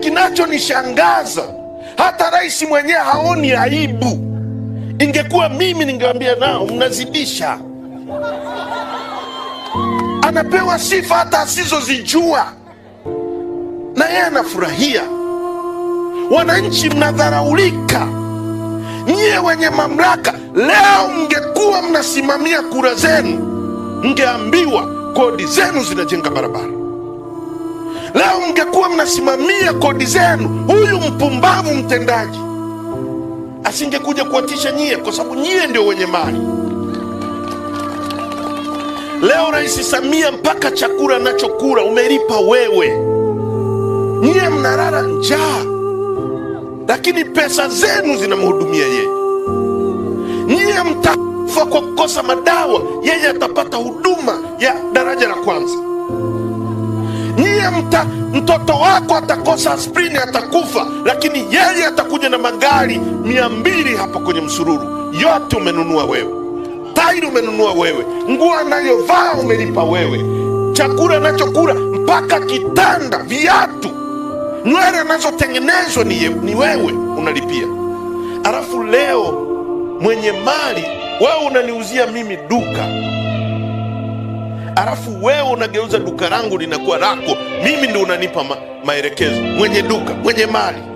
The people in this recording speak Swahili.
kinachonishangaza hata rais mwenyewe haoni aibu. Ingekuwa mimi ningewambia nao, mnazidisha. Anapewa sifa hata asizozijua, na yeye anafurahia. Wananchi mnadharaulika, nyie wenye mamlaka. Leo mngekuwa mnasimamia kura zenu, mngeambiwa kodi zenu zinajenga barabara Leo mngekuwa mnasimamia kodi zenu, huyu mpumbavu mtendaji asingekuja kuwatisha nyie, kwa sababu nyie ndio wenye mali. Leo Rais Samia mpaka chakula anachokula umelipa wewe, nyie mnalala njaa, lakini pesa zenu zinamhudumia yeye. Nyie mtafa kwa kukosa madawa, yeye atapata huduma. yeye mta, mtoto wako atakosa sprini, atakufa, lakini yeye atakuja na magari mia mbili hapa kwenye msururu. Yote umenunua wewe, tairi umenunua wewe, nguo anayovaa umelipa wewe, chakula anachokula mpaka kitanda, viatu, nywele anazotengenezwa ni, ni wewe unalipia. Alafu leo mwenye mali wewe unaniuzia mimi duka alafu wewe unageuza duka langu linakuwa lako, mimi ndo unanipa ma maelekezo. Mwenye duka, mwenye mali